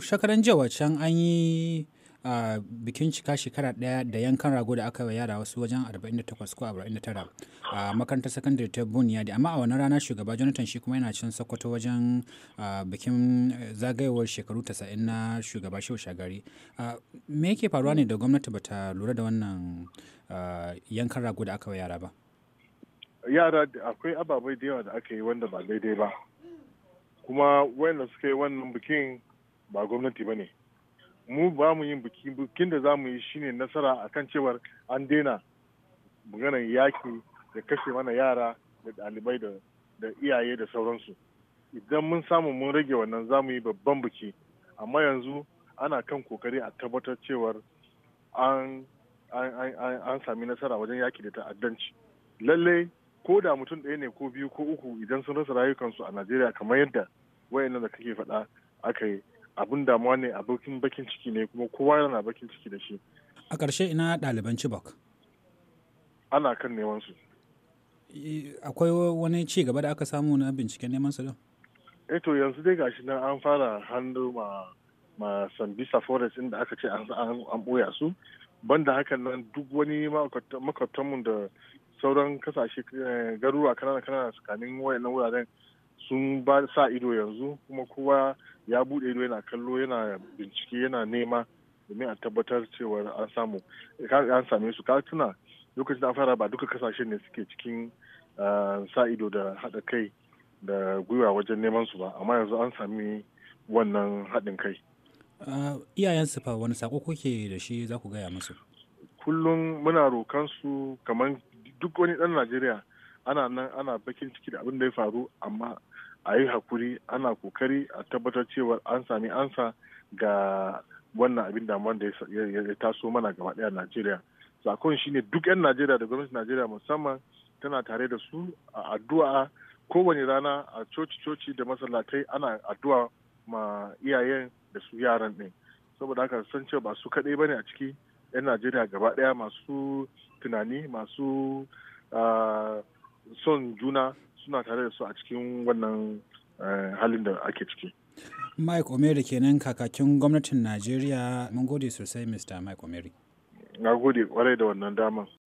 shakaran jiya can an yi a bikin cika shekara daya da yankan rago da aka yi yara wasu wajen 48 ko 49 a makarantar sakandare ta buniya da amma a wannan rana shugaba jonathan shi kuma yana cin sokoto wajen bikin zagayewar shekaru 90 na shugaba shehu shagari me yake faruwa ne da gwamnati ba ta lura da wannan yankan rago da aka yi yara ba yara akwai ababai da yawa da aka yi wanda ba daidai ba kuma wanda suka yi wannan bikin ba gwamnati ba ne mu ba mu yin biki bikin da za mu yi shine nasara akan cewar an daina maganar yaki da kashe mana yara da ɗalibai da iyaye da sauransu idan mun samu mun rage wannan za mu yi babban biki amma yanzu ana kan kokari a tabbatar cewar an sami nasara wajen yaki da ta'addanci lallai ko da mutum ɗaya ne ko biyu ko uku idan sun rasa rayukansu a najeriya kamar yadda wayannan da kake faɗa aka yi abun damuwa ne abokin bakin ciki ne kuma kowa yana bakin ciki da shi a ƙarshe ina ɗaliban cibok ana kan neman su akwai wani ci gaba da aka samu na binciken neman su don eh to yanzu dai gashi na an fara hannu ma ma sambisa forest inda aka ce an ɓoya su banda hakan nan duk wani makwabtanmu da sauran kasashe eh, garuruwa kanana kanana tsakanin wayannan wuraren sun ba sa ido yanzu kuma kowa ya bude ido yana kallo yana bincike yana nema domin a tabbatar cewa an samu an same su ka tuna lokacin da fara ba duka kasashen ne suke cikin ah, sa ido da haɗa kai da gwiwa wajen neman su ba amma yanzu an sami wannan haɗin kai ah, iyayen fa wani sako kuke da shi za ku gaya musu kullum muna rokan su kamar duk wani dan najeriya ana nan ana bakin ciki da abin da ya faru amma a yi hakuri ana kokari a tabbatar cewa an sami ansa ga wannan abin da da ya taso mana gaba daya najeriya sakon shine duk 'yan najeriya da gwamnatin najeriya musamman tana tare da su a addu'a kowane rana a coci-coci da masallatai ana addu'a ma iyayen da su yaran ɗin saboda haka san cewa ba su kaɗai bane a ciki 'yan najeriya gaba ɗaya masu tunani masu ah, son juna suna tare da su a cikin wannan eh, halin da ake ciki. Mike Omeri kenan kakakin gwamnatin Najeriya mun gode sosai Mr. Mike Omeri. Na gode kwarai da wannan daman.